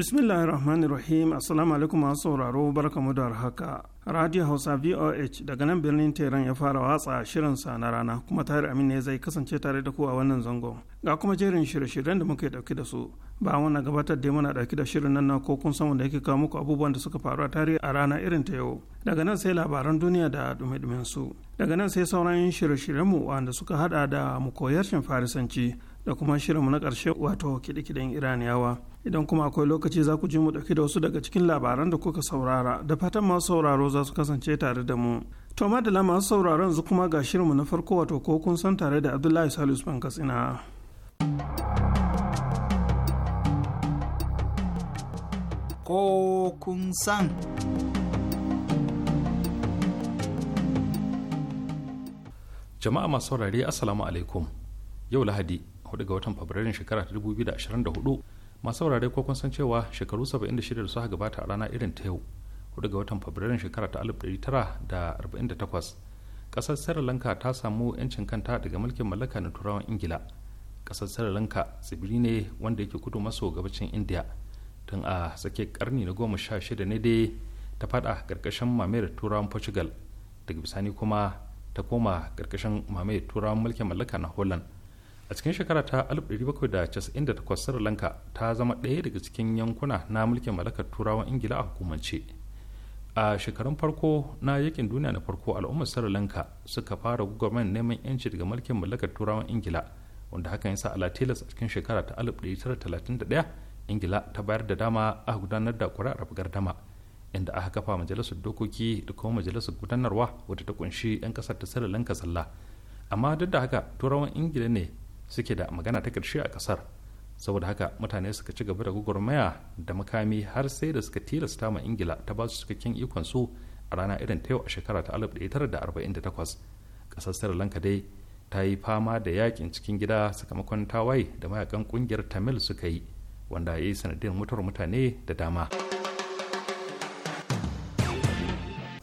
Bismillahirrahmanirrahim Assalamu alaikum masu sauraro barka mu da haka. Radio Hausa VOH daga nan birnin Tehran ya fara watsa shirin sa na rana kuma Tahir Amin ne zai kasance tare da ku a wannan zangon. Ga kuma jerin shirye-shiryen da muke dauke da su. Ba wannan gabatar da muna dauke da shirin nan na ko kun san wanda yake kawo muku abubuwan da suka faru a tarihi a rana irin ta yau. Daga nan sai labaran duniya da dume-dumen su. Daga nan sai sauran shirye shiryen mu wanda suka hada da mu koyar Farisanci. da kuma shirinmu na ƙarshe wato kiɗe-kiɗen iraniyawa idan kuma akwai lokaci za ku ji mu ɗauki da wasu daga cikin labaran da kuka saurara da fatan masu sauraro za su kasance tare da mu to madala masu sauraro yanzu kuma ga shirinmu na farko wato ko kun san tare da abdullahi salisu ban katsina ko kun san jama'a masu saurare assalamu alaikum yau lahadi 4 ga watan fabrairun shekara ta 2024 masu wurare ko kun san cewa shekaru 76 da suka gabata a rana irin ta yau 4 ga watan fabrairun shekara ta 1948 kasar sri lanka ta samu 'yancin kanta daga mulkin mallaka na turawan ingila kasar sri lanka tsibiri ne wanda yake kudu maso gabacin india tun a sake karni na goma sha shida ne dai ta fada karkashin mamayar turawan portugal daga bisani kuma ta koma karkashin mamayar turawan mulkin mallaka na holland a cikin shekara ta 1798 sri lanka ta zama ɗaya daga cikin yankuna na mulkin mallakar turawan ingila a hukumance a shekarun farko na yakin duniya na farko al'ummar sri lanka suka fara gwamnan neman yanci daga mulkin mallakar turawan ingila wanda hakan ya sa ala tilas a cikin shekara ta 1931 ingila ta bayar da dama a gudanar da kuri'ar gardama inda aka kafa majalisar dokoki da kuma majalisar gudanarwa wadda ta kunshi 'yan kasar ta sri lanka sallah amma duk da haka turawan ingila ne suke da magana ta karshe a ƙasar saboda haka mutane suka ci gaba da gwagwarmaya da makami har sai da suka tilasta ma ingila ta ba su cikakken ikon su a rana irin ta yau a shekara ta 1948 ƙasar sri lanka dai ta yi fama da yakin cikin gida sakamakon tawaye da mayakan ƙungiyar tamil suka yi wanda ya yi sanadiyar mutuwar mutane da dama.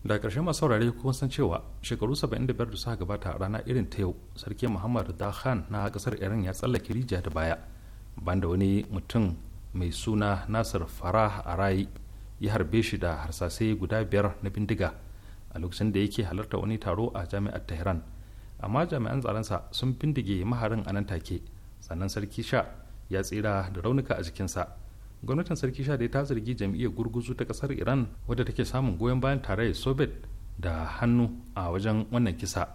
da ƙarshe masu saurare kuma san cewa shekaru 75 da suka gabata a rana irin ta yau sarki muhammad da khan na ƙasar iran ya tsallake rijiya da baya banda wani mutum mai suna nasir farah a ra'i ya harbe shi da harsasai guda biyar na bindiga a lokacin da yake halarta wani taro a jami'ar tehran amma jami'an tsaronsa sun bindige maharin a nan take sannan sarki sha ya tsira da raunuka a jikinsa gwamnatin sarki sha ta zargi jam'iyyar gurguzu ta kasar iran wadda take samun goyon bayan tarayyar soviet da hannu a wajen wannan kisa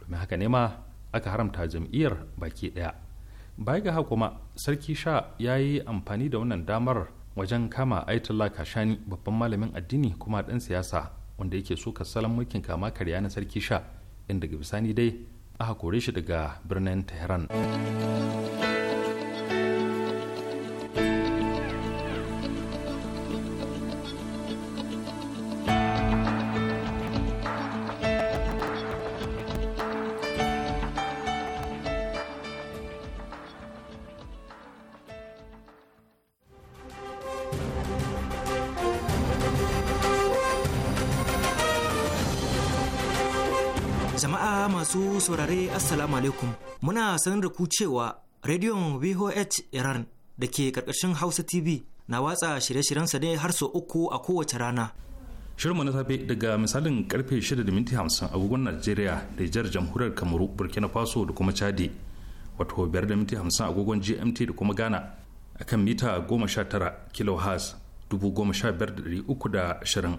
domin haka ne ma aka haramta jam'iyyar baki daya baya ga haka kuma sarki sha ya yi amfani da wannan damar wajen kama aitala kashani babban malamin addini kuma dan siyasa wanda yake suka salon mulkin kama karya na sarki sha inda daga bisani dai aka kore shi daga birnin tehran masu saurare assalamu alaikum muna sanar da ku cewa rediyon voh iran da ke karkashin hausa tv na watsa shirye-shiryensa ne har sau uku a kowace rana Shirma na safe daga misalin karfe 6:50 agogon Najeriya da jihar jamhuriyar Kamaru, Burkina Faso da kuma Chadi, wato 5:50 agogon GMT da kuma Ghana akan mita 19 da 15,320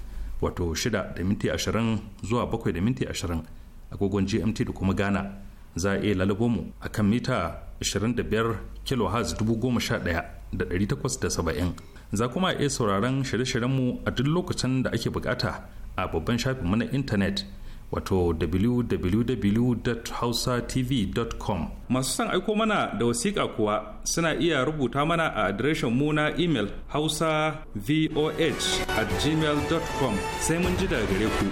wato 6 da minti 20 zuwa 7 da minti 20 agogon gmt da kuma ghana za a iya lalabo mu a kan mita 25 kilohertz 11870 za kuma iya sauraron shirye-shiryen mu a duk lokacin da ake bukata a babban shafinmu na intanet wato www.hausatv.com masu son aiko mana da wasiƙa kuwa suna iya rubuta mana a adireshin mu na imel hausa voh at gmail.com sai mun ji daga gare ku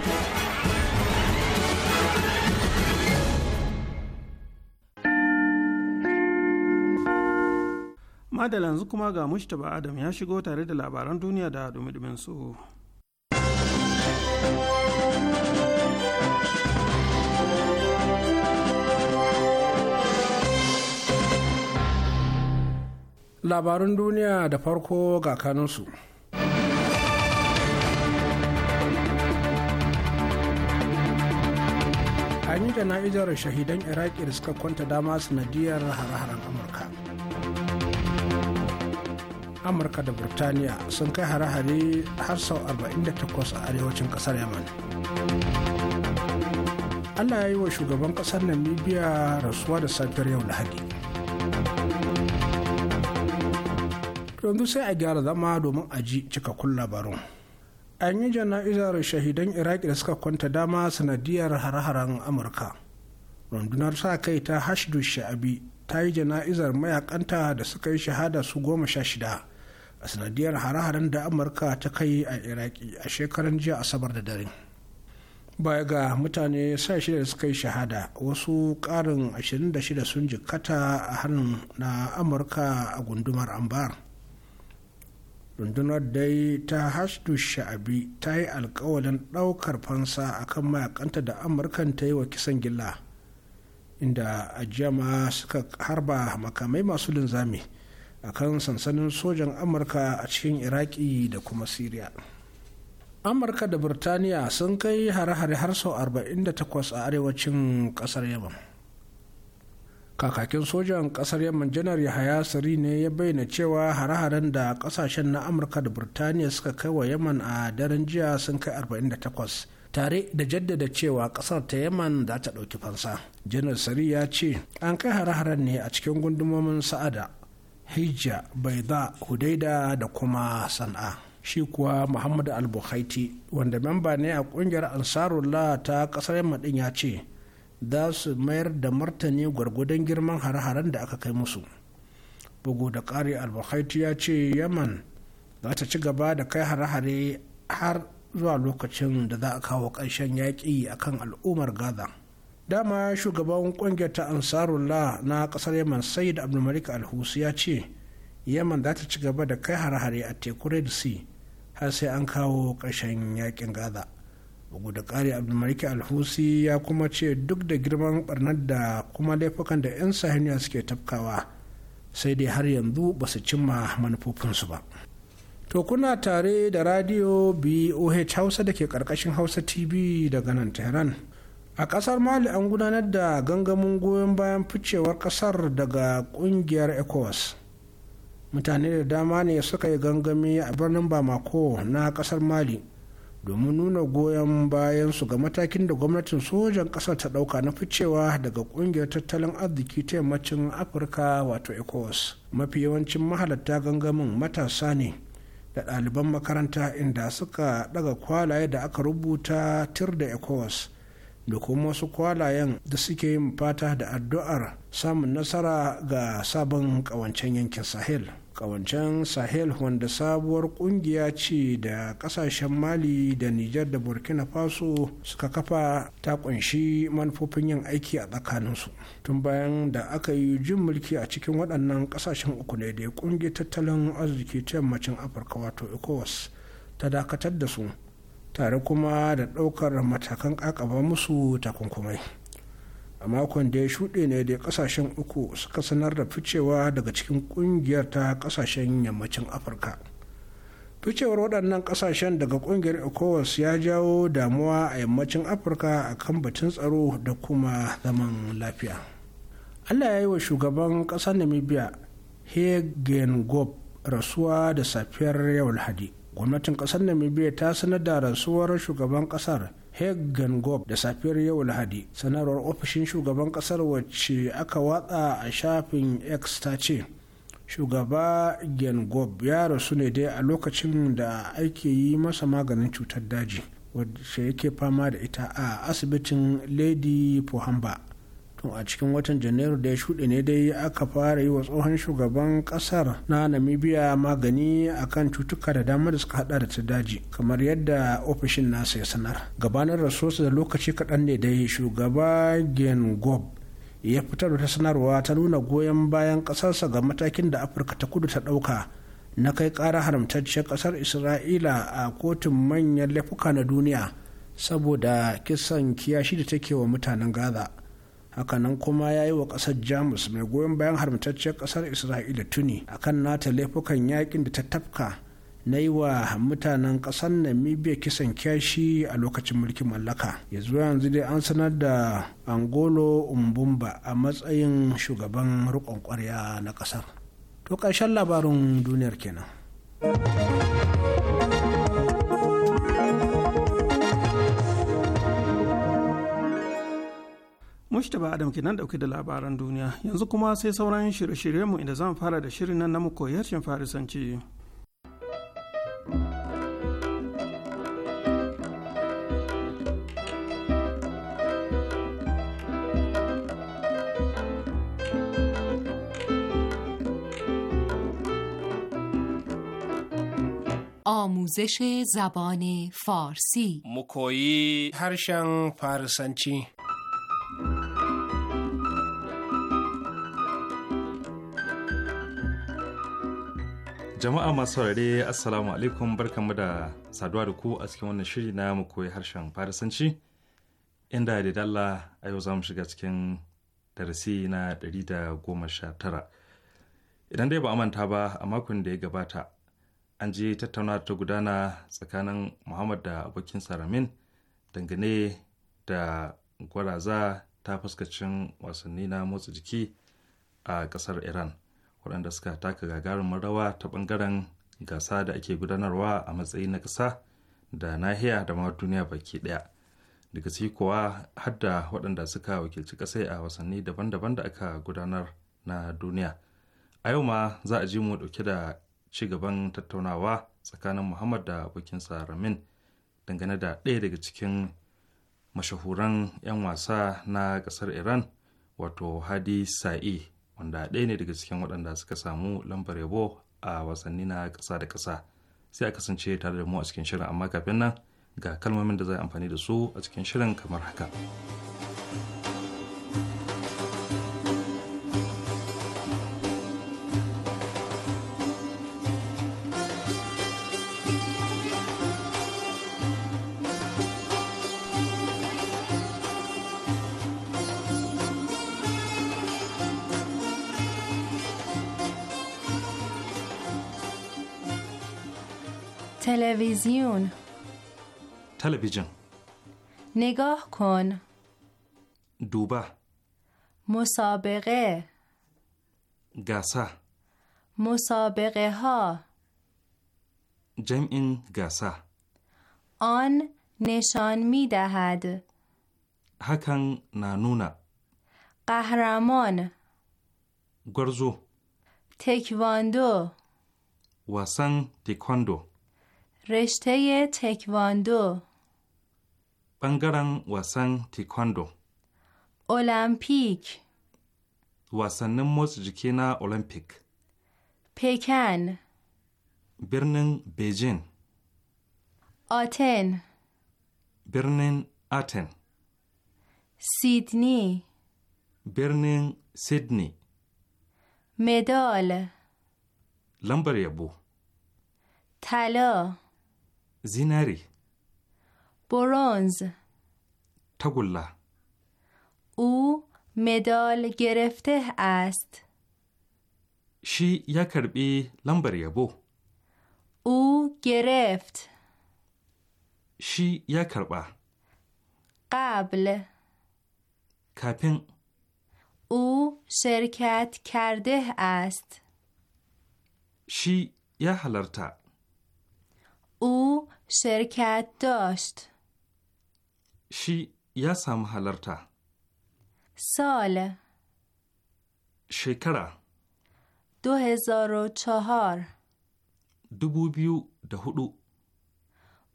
madalla yanzu kuma ga mushtaba adam ya shigo tare da labaran duniya da dumi su. labarun duniya da farko ga kanunsu an yi jana'izar shahidan iraki da suka kwanta dama sanadiyar hare-haren amurka amurka da burtaniya sun kai hare-hare har sau 48 a arewacin kasar yaman allah ya yi wa shugaban kasar namibia rasuwa da safiyar yau lahadi yanzu sai a gyara zama domin a ji cikakkun labarun. an yi jana'izar shahidan iraki da suka kwanta dama sanadiyar hare-haren amurka rundunar sa kai ta hashdu sha'abi ta yi jana'izar mayakanta da suka yi shahada su goma sha shida a sanadiyar hare-haren da amurka ta kai a iraki a shekaran jiya asabar da dare baya ga mutane sa shida da suka yi shahada wasu karin 26 sun jikkata a hannun na amurka a gundumar ambar. rundunar dai ta hashdu sha'abi ta yi alkawalin ɗaukar fansa akan mayakanta da amurkan ta yi wa kisan gilla inda a suka harba makamai masu linzami a kan sansanin sojan amurka a cikin iraki da kuma syria amurka da birtaniya sun kai hare-hare har sau 48 a arewacin kasar yaman kakakin sojan kasar yamman janar yahaya sari ne ya bayyana cewa hare-haren da kasashen na amurka da Burtaniya suka kai wa yaman a daren jiya sun kai 48 tare da jaddada cewa kasar ta yaman za ta ɗauki fansa janar sari ya ce an kai hare-haren ne a cikin gundumomin sa'ada hijja baida hudaida da kuma sana'a shi kuwa Muhammadu al wanda memba ne a kungiyar ansarullah ta kasar yamma din ya ce za su mayar da martani gwargwadon girman hare-haren da aka kai musu bugu da ƙari albuhaitu ya ce yaman za ta ci gaba da kai hare-hare har zuwa lokacin da za a kawo ƙarshen yaƙi a kan al'ummar gaza dama shugaban ƙungiyar ta ansarullah na ƙasar yaman sayid abdulmalik alhusi ya ce yaman za ta ci gaba da kai hare-hare a teku red sea har sai an kawo ƙarshen yaƙin gaza bugu da ƙari abdulmaliki alhusi ya kuma ce duk da girman barnar da kuma laifukan da 'yan sahiniya suke tafkawa sai dai har yanzu ba su cimma manufofinsu ba to kuna tare da radio boh hausa da ke karkashin hausa tv daga nan tehran a kasar mali an gudanar da gangamin goyon bayan ficewar kasar daga kungiyar ecowas mutane da dama ne suka yi gangami a birnin bamako na kasar mali domin nuna goyon bayan su ga matakin da gwamnatin sojan ƙasar ta ɗauka na ficewa daga ƙungiyar tattalin arziki ta yammacin afirka wato ecowas mafi yawancin mahalatta gangamin matasa ne da ɗaliban makaranta inda suka ɗaga kwalaye da aka rubuta tir da ecowas da kuma wasu kwalayen da suke yin fata da addu'ar samun nasara ga sabon ƙawancen yankin sahel kawancen sahel wanda sabuwar kungiya ce da kasashen mali da nijar da burkina faso suka kafa ta kunshi manufofin yin aiki a tsakaninsu tun bayan da aka yi jin mulki a cikin waɗannan kasashen uku ne da kungi tattalin arziki ta yammacin afirka wato ecowas ta dakatar da su tare kuma da ɗaukar matakan ƙaƙaba musu takunkumai a makon da ya shuɗe ne da ƙasashen uku suka sanar da ficewa daga cikin ƙungiyar ta ƙasashen yammacin afirka ficewar waɗannan ƙasashen daga ƙungiyar ecowas ya jawo damuwa a yammacin afirka a kan batun tsaro da kuma zaman lafiya allah ya yi wa shugaban ƙasar namibia hegen gob rasuwa da safiyar yau lahadi gwamnatin ƙasar namibia ta sanar da rasuwar shugaban ƙasar Hagan Gop da safiyar yau Lahadi. Sanarwar ofishin shugaban kasar wacce aka watsa a shafin X ta ce, Shugaba gob ya rasu ne dai a lokacin da ake yi masa maganin cutar daji, wacce yake fama da ita a asibitin Lady Pohamba to a cikin watan janairu da ya shuɗe ne dai aka fara yi wa tsohon shugaban ƙasar na namibia magani a kan cutuka da dama da suka haɗa da ta daji kamar yadda ofishin nasa ya sanar gabanin rasuwarsa da lokaci kaɗan ne dai shugaba gob ya fitar da ta sanarwa ta nuna goyon bayan ƙasarsa ga matakin da afirka ta kudu ta ɗauka na kai ƙara haramtacciyar ƙasar isra'ila a kotun manyan laifuka na duniya saboda kisan kiyashi da take wa mutanen gaza hakanan kuma ya yi wa kasar jamus mai goyon bayan haramtacciyar kasar isra'ila tuni akan nata laifukan yakin da ta tafka na yi wa mutanen ƙasar namibia kisan kyashi a lokacin mulkin mallaka ya yanzu dai an sanar da angolo umbumba a matsayin shugaban rikon kwarya na kasar to ƙarshen labarin duniyar kenan Mustapha Adam kenan dauke da labaran duniya yanzu kuma sai sauran shirye mu inda zamu fara da shirin nan na mu koyarshin Farisanci. آموزش زبان فارسی مکویی هرشن فارسنچی Jama'a masu saurare Assalamu alaikum barkanmu da saduwa da ku a cikin wannan shiri na mu koyi harshen Farisanci inda da dalla a yau za mu shiga cikin darasi na ɗari da goma sha tara. Idan dai ba a manta ba a makon da ya gabata an je tattauna ta gudana tsakanin Muhammad da abokin Saramin dangane da gwaraza ta fuskacin wasanni na motsa jiki a ƙasar Iran. waɗanda suka taka gagarumin rawa ta ɓangaren gasa da ake gudanarwa a matsayi na ƙasa da nahiya da ma duniya baki ɗaya daga ciki kuwa hadda waɗanda suka wakilci ƙasai a wasanni daban-daban da aka gudanar na duniya a yau ma za a ji mu ɗauke da ci gaban tattaunawa tsakanin muhammad da abokinsa ramin dangane da ɗaya daga cikin mashahuran 'yan wasa na ƙasar iran wato hadi sa'i wanda ɗaya ne daga cikin waɗanda suka samu lambar yabo a wasanni na ƙasa da ƙasa sai a kasance tare da mu a cikin shirin amma kafin nan ga kalmomin da za a amfani da su a cikin shirin kamar haka. تلویزیون تلویزیون نگاه کن دوبه مسابقه گسه مسابقه ها جمع این گسه آن نشان می دهد هکن نانونا قهرمان گرزو تکواندو واسن تکواندو رشته تکواندو بنگرن واسن تکواندو المپیک واسنن موز جکی نا المپیک پکن برنن بیجین آتن برنن آتن سیدنی برنن سیدنی مدال لمبر یبو طلا زیناری برونز تگولا او مدال گرفته است شی یا کربی لمبر یبو او گرفت شی یا کربا قبل کپن. او شرکت کرده است شی یا حلرته او شرکت داشت شی یا هلرتا. سال شکره دو هزار و چهار دو بیو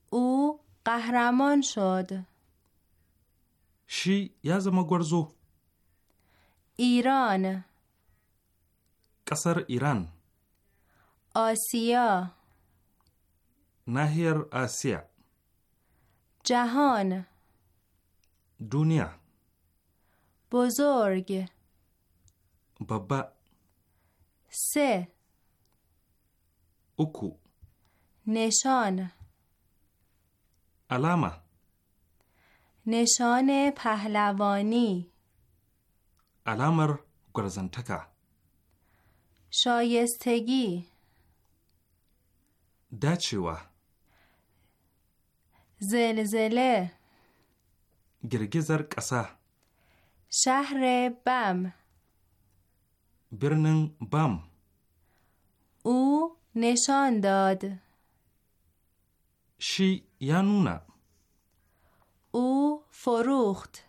او قهرمان شد شی یا گرزو ایران قصر ایران آسیا نهر آسیا جهان دنیا بزرگ بابا سه اکو نشان علامه نشان پهلوانی علامر گرزنتکا شایستگی دچیوه زلزله گرگزر قسا شهر بم برنن بم او نشان داد شی یانونا او فروخت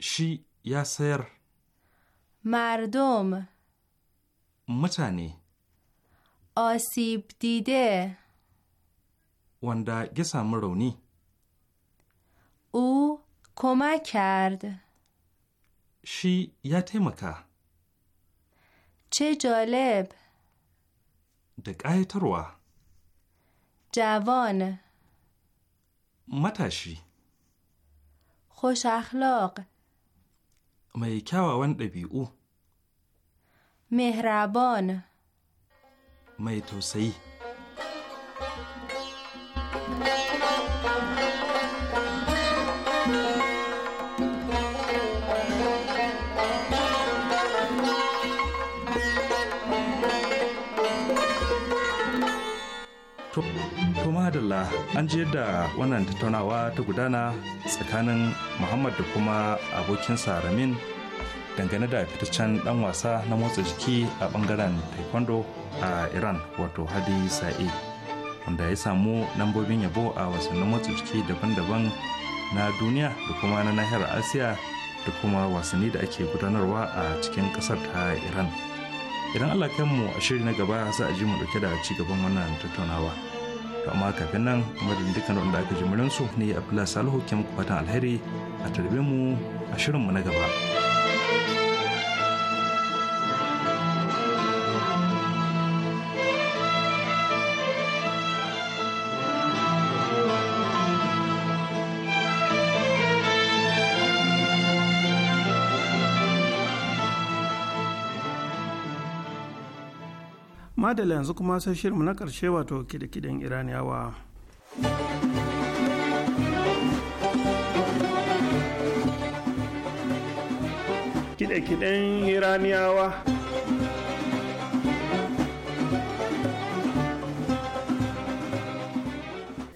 شی یاسر مردم متانی آسیب دیده wanda ya samu rauni. U kuma kyard Shi ya taimaka. Ce jaleb. Da ƙayatarwa. Javon. Matashi. Khoshakhlaq. Mai kyawawan ɗabi'u. Mehraban. Mai tausayi. an ji yadda wannan tattaunawa ta gudana tsakanin muhammad da kuma abokinsa ramin dangane da fitaccen dan wasa na motsa jiki a bangaren taekwondo a iran wato hadi sa'i wanda ya samu lambobin yabo a wasannin motsa jiki daban-daban na duniya da kuma na nahiyar asiya da kuma wasanni da ake gudanarwa a cikin kasar ta iran idan allah kanmu a shiri na gaba za a ji mu dauke da ci gaban wannan tattaunawa. to amma kafin nan madadin dukkan wanda aka ji murinsu ne a salihu ke muku fatan alheri a tarbe mu a shirinmu na gaba. madala yanzu kuma sai shirinmu na ƙarshe wato kidikidin iraniyawa kidikidin iraniyawa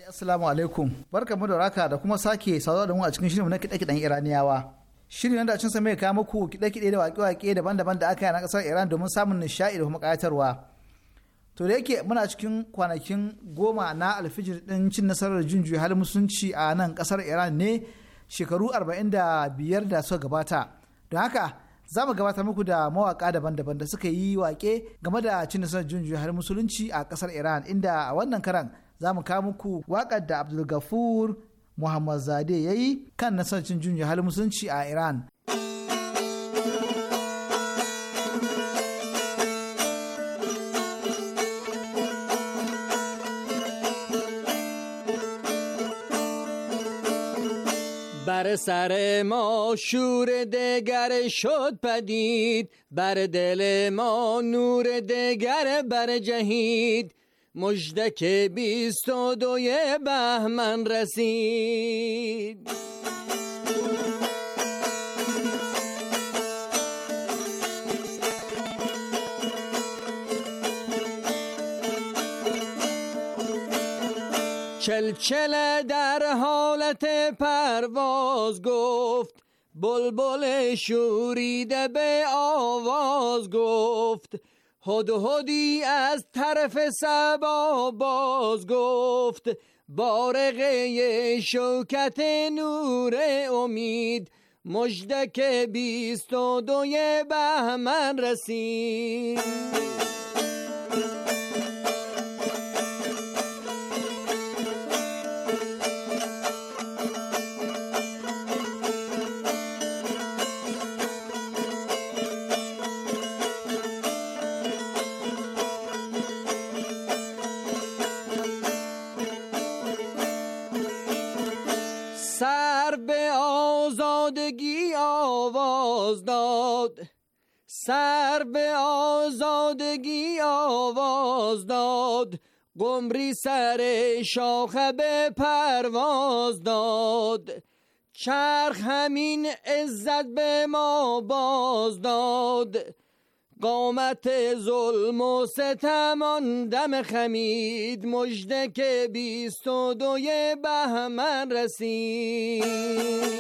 Assalamu alaikum. Barka mu da raka da kuma sake saduwa da mu a cikin shirinmu na kiɗe-kiɗen Iraniyawa. Shirin da cin sa mai kawo muku kiɗe-kiɗe da waƙe-waƙe daban-daban da aka yi na ƙasar Iran domin samun nishaɗi da kuma ƙayatarwa. to da yake muna cikin kwanakin goma na alfijir din cin nasarar jin halin musulunci a nan kasar iran ne shekaru 45 da suka gabata don haka za mu gabata muku da mawaka daban-daban da suka yi wake game da cin nasarar jin halin musulunci a kasar iran inda a wannan karan za mu kawo muku wakar da abdulgafur muhammad zade ya yi kan nasarar cin juya halin musulunci a iran سر ما شور دگر شد پدید بر دل ما نور دگر بر جهید مجدک بیست و دوی بهمن رسید چلچل در حالت پرواز گفت بلبل شوریده به آواز گفت هدهدی از طرف سبا باز گفت بارقه شوکت نور امید مجدک بیست و دوی بهمن رسید گی آواز داد قمری سر شاخه به پرواز داد چرخ همین عزت به ما باز داد قامت ظلم و ستمان دم خمید مژده که بیست و دوی بهمن رسید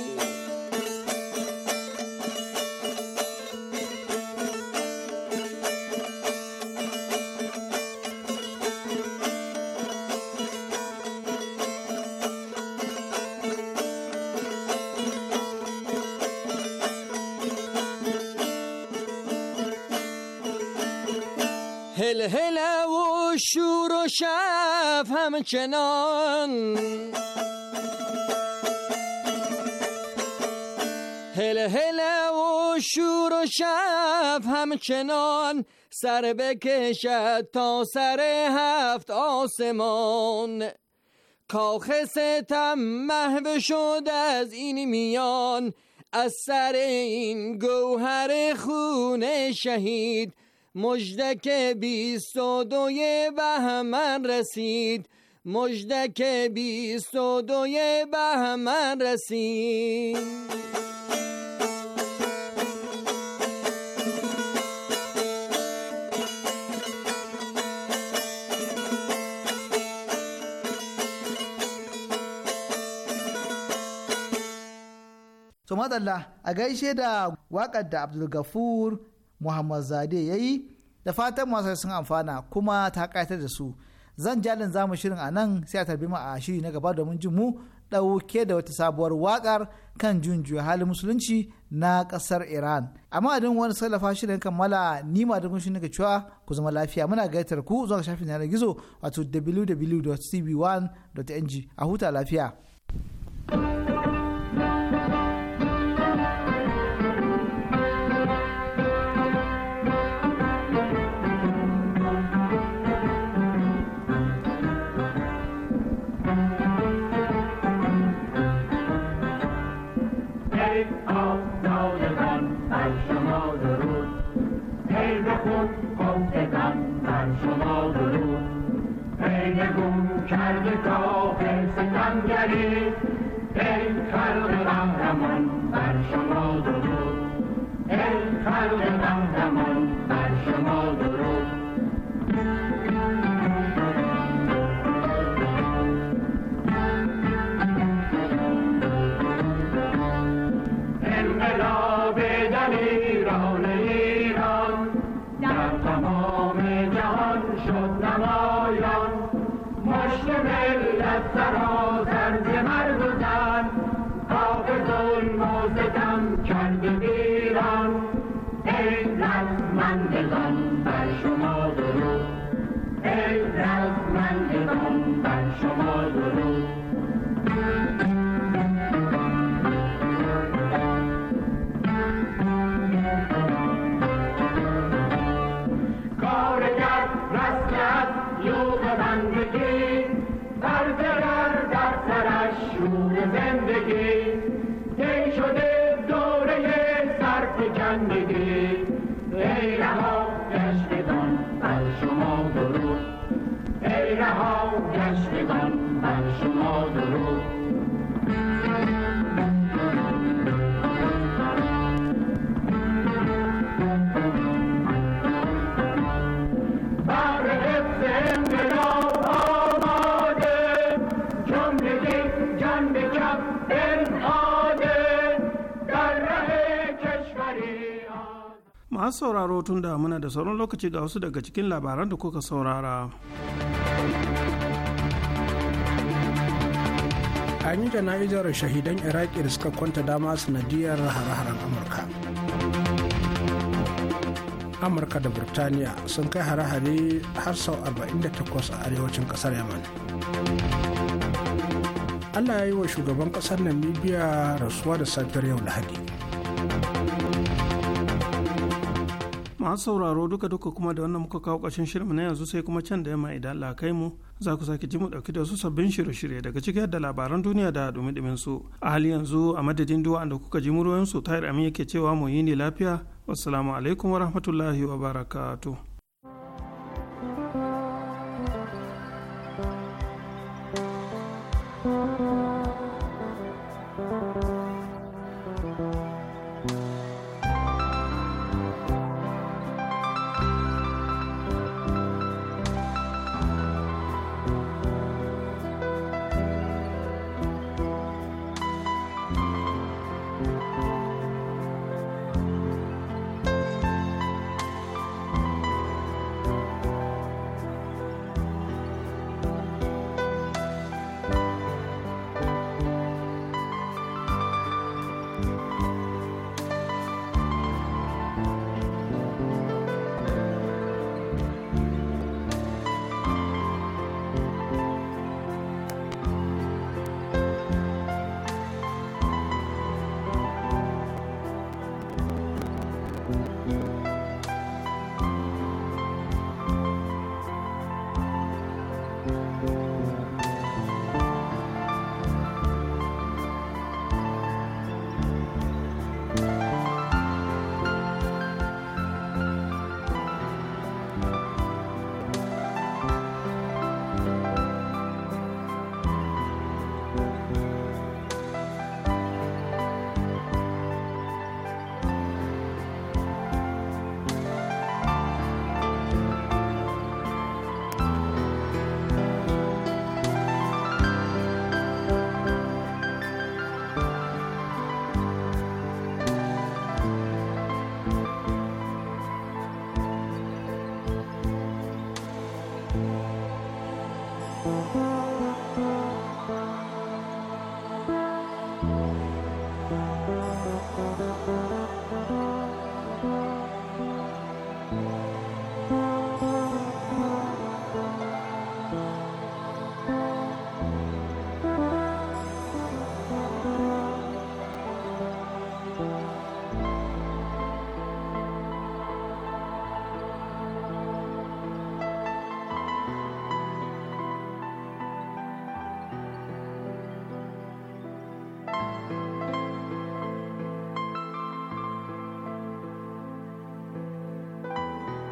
شب همچنان هل هل و شور و شب همچنان سر بکشد تا سر هفت آسمان کاخ ستم محو شد از این میان از سر این گوهر خون شهید مجدک بیست و دوی بهمن رسید مجدک بیست و دوی بهمن رسید to madalla a gaishe da waƙar da abdulgafur muhammad zade ya yi da fatan masu sun amfana kuma ta ƙayatar da su zan jalin zamu shirin a nan sai a tarbi mu a shiri na gaba domin jin mu ɗauke da wata sabuwar waƙar kan junjuya halin musulunci na ƙasar iran amma adin wani sallafa shirin kammala ni ma da kunshi nika cewa ku zama lafiya muna gaitar ku zuwa shafin yanar gizo wato www.tv1.ng a huta lafiya. thank you علی ای خلق قهرمان بر شما درود ای خلق قهرمان بر شما درود انقلاب دلیران ایران در تمام جهان شد نمایان مشت ملت aşkından mahşum olurum. Masu sauraro tun da muna da sauran lokaci ga wasu daga cikin labaran da kuka saurara. an yi jana'izar shahidan iraki da suka kwanta dama sanadiyar hare-haren amurka amurka da burtaniya sun kai hare-hare har sau 48 a arewacin kasar yaman allah ya yi wa shugaban kasar namibia rasuwa da safiyar yau lahadi masu sauraro duka duka kuma da wannan muka kawo ƙarshen shirin na yanzu sai kuma can da yamma idan Allah kai mu za ku sake ji mu ɗauki da su sabbin shirye-shirye daga cikin da labaran duniya da dumi su a hali yanzu a madadin duwa da kuka ji muryoyin su tayar amin yake cewa mu yi ne lafiya wassalamu alaikum wa rahmatullahi wa barakatuh